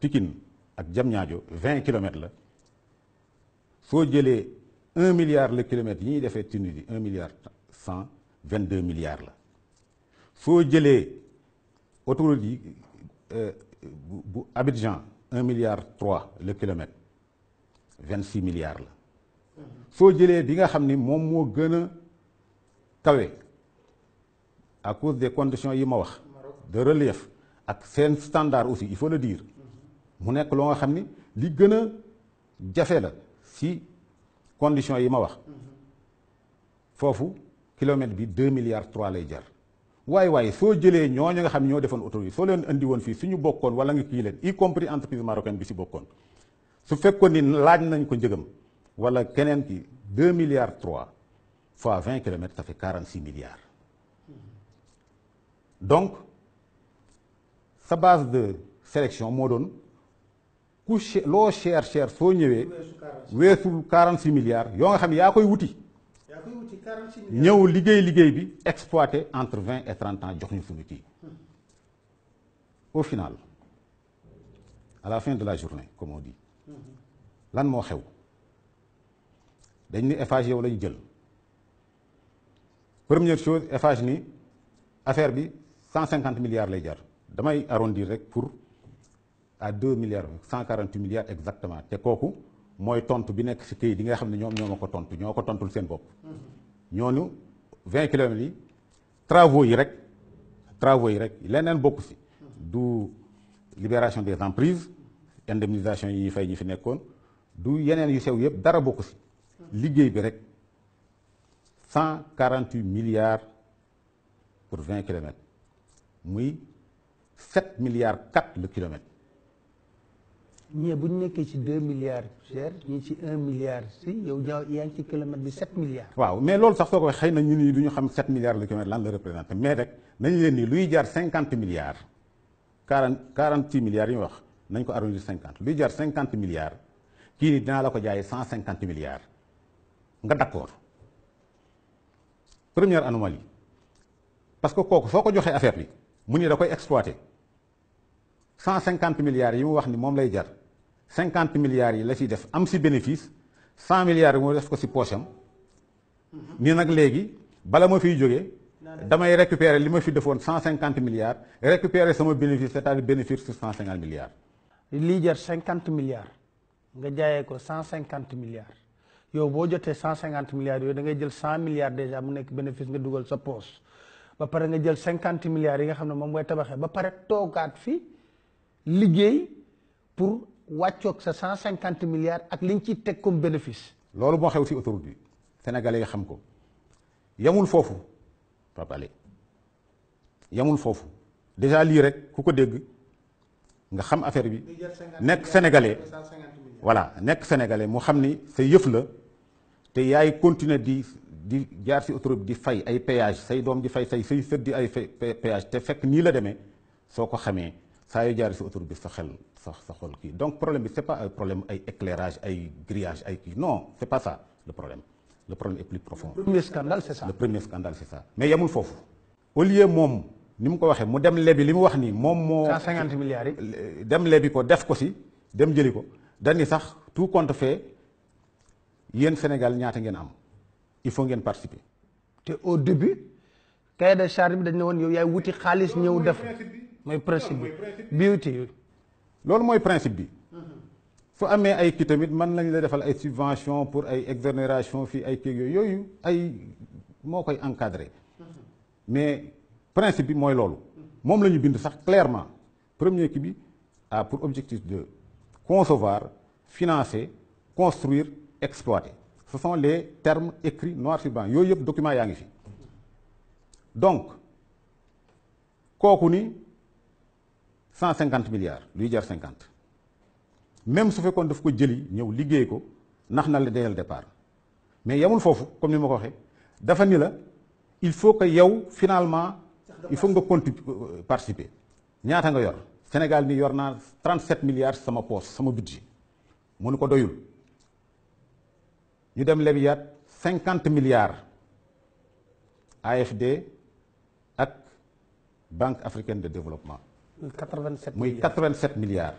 Tikine, 20 km. Il faut 1 milliard le kilomètre, il a fait 1 milliard 122 milliards. Il faut gérer autour Abidjan, 1 milliard 3 le kilomètre, 26 milliards. Il faut gérer, bien que mon mot gagne, à cause des conditions, il m'a de relief ak sen standard aussi il faut le dire mu nek lo nga xamni li gëna jafé la si condition yi ma wax fofu kilomètre bi 2 milliards 3 lay jar way way so jëlé ñoo nga xam ñoo defon autoroute so leen andi won fi suñu bokkon wala nga ki leen y compris entreprise marocaine bi ci bokkon su fekkon ni laaj nañ ko jëgëm wala keneen ki 2 milliards 3 fois 20 km, ça fait 46 milliards. Donc, sa base de sélection moo doon ku cher cher soo 46 milliards yo nga xam ya koy wuti ñëw liggéey liggéey bi exploité entre 20 et 30 ans jox ñu suñu au final à la fin de la journée comme on dit lan mo xew dañ ni Eiffage yow la ñu jël première chose Eiffage ni affaire bi 150 milliards lay jar damay arrondir rek pour à 2 milliards 148 milliards exactement te kooku moy tontu bi nek ci këyit di nga xamni ñom ñomako tontu ñoko tontul seen bop ñonu 20 km travaux yi rek travaux yi rek leneen bokku ci du libération des emprises indemnisation yi fay ñi fi nekkoon du yeneen yu sew yeb dara bokku ci liggéey bi rek 148 milliards pour 20 km, muy. 7 milliards 4 le kilomètre. ñee bu ñu 2 milliards cher 1 milliard si yow kilomètre de 7 milliards. Wow, mais l'autre sax que nous avons 7 milliards de kilomètres. mais nous avons leen 50 milliards 40 46 milliards Nous avons wax arrondir 50 luy 50 milliards Qui est dans la ko 150 milliards nga d'accord première anomalie parce que si on que affaire on mu exploité. 150 milliards yi mu wax ni mom lay jar 50 milliards yi la ci def am ci bénéfice 100 milliards mo def ko ci poche am ni nak légui bala mo fi jógee damay récupérer lima fi defone 150 milliards récupérer sama bénéfice c'est-à-dire bénéfice sur 150 milliards li jar 50 milliards nga jaayé ko 150 milliards yow bo jotee 150 milliards yooyu da ngay jël 100 milliards déjà mu nek bénéfice nga duggal sa poche ba paré nga jël 50 milliards yi nga xamné mom moy tabaxé ba paré togaat fi liggéey pour wàccoog sa 150 milliards ak liñ ci teg comme bénéfice. loolu moo xew si autoroute bi sénégalais yi xam ko yamul foofu papa Alé yamul foofu déjà lii rek ku ko dégg nga xam affaire bi nekk sénégalais voilà nekk sénégalais mu xam ni sa yëf la te yaay continuer di di jaar si autoroute di fay ay péage say doom di fay say say sët di ay péage te fekk nii la demee soo ko xamee ça y est, si autoroute bi sa xel sa sa xol donc problème bi c'est pas un problème ay éclairage ay grillage ay non c'est pas ça le problème le problème est plus profond. le premier scandale c'est ça le premier scandale c'est ça. mais yamul foofu au lieu moom ni mu ko waxe mu dem lebi li wax ni mom moo. 150 milliards dem lebi ko def ko si dem jeli ko dani sax tout compte fait yéen Sénégal ñaata ngeen am il faut ngeen participer. te au début cahier de charge bi dañ ne won yow yay wuti xaliss ñëw def moy principe beauty lolu moy principe bi su amé ay kii tamit man nañ la defal ay subvention pour ay exonération fi ay kii yoyu ay mokay encadré mais principe bi mooy loolu moom la bind sax clairement premier qui bi a pour objectif de concevoir financer construire exploiter ce sont les termes écrits noir sur blanc yoyep document yaa ngi fi donc kooku ni 150 milliards lui jar 50. même si fekkoon daf ko jëli ñëw nous ko nax na la départ mais yamul fofu comme ni mako ko dafa ni la il faut que yow finalement il faut nga euh, euh, participer ñaata nga yor Sénégal ni yor 37 milliards sama poste sama budget mu ni ko doyul ñu dem 50 milliards AFD ak Banque africaine de développement 87 muy 87 milliards.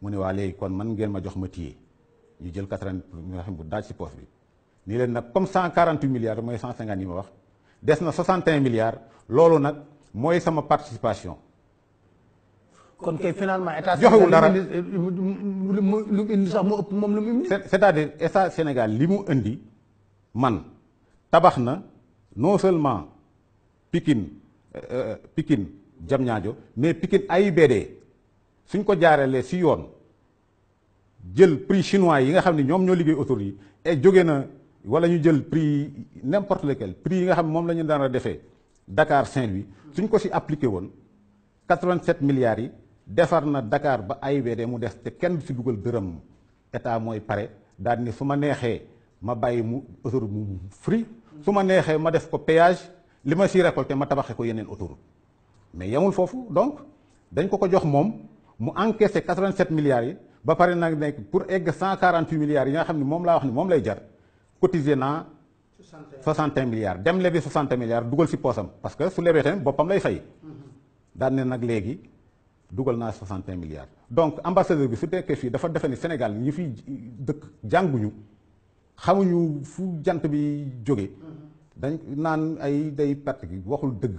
mu ne waa léegi kon man ngeen ma jox ma téye ñu jël 80 nga xam bu daaj si poche bi. nii leen nag comme 148 milliards mooy 150 yi ma wax des na 61 milliards loolu nag mooy sama participation. kon kay finalement état. joxewul dara euh, lu mu indi sax mu ëpp moom lu mu indi. cest à Sénégal li mu indi man tabax na non seulement Pikine euh, euh, Pikine. Diamniadio mais Pikine AIBD suñ ko jaarale si yoon jël prix chinois yi nga xam ne ñoom ñoo liggéey autoroute yi et jóge na wala ñu jël prix n'importe lequel prix yi nga xam moom la ñu daan a defee Dakar Saint-Louis suñ ko si appliqué woon 87 milliards yi defar na Dakar ba AIBD mu des te kenn du si dugal dërëm état mooy pare daal ni su ma neexee ma bàyyi mu autoroute mu free su ma neexee ma def ko péage li ma si récolté ma tabaxee ko yeneen autoroute mais yamul fofu donc dañ ko ko jox mom mu encaisser 87 milliards yi ba paré nak pour egg 148 milliards yi nga xam ne moom laa wax ni moom lay jar cotisé naa. 61 milliards dem lebi 60 milliards dugal si posam parce que su lebee tamit boppam lay fay. dal né nak légui dugal na 61 milliards. donc ambassadeur bi su tekkee fi dafa défé ni Sénégal ñi fi dëkk jànguñu xamuñu fu jant bi jóge dañ naan ay day perte waxul dëgg.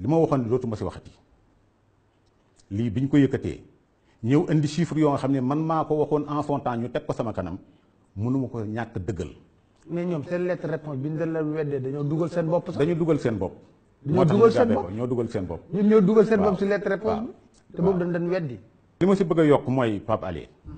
li ma waxoon dootuma si waxati lii biñ ko yëkkatee ñëw indi chiffre yoo nga xam ne man maa ko waxoon en son ñu teg ko sama kanam mënuma ko ñàkk dëggal. mais ñoom seen lettre réponse bi ñu la weddee dañoo dugal seen bopp sax. dañu dugal seen bopp. ñoo dugal seen bopp dugal seen bopp. ñun ñoo dugal seen bopp si lettre réponse bi. te boobu dañ dañ weddi. li ma si bëgg a yokk mooy Pape Alé.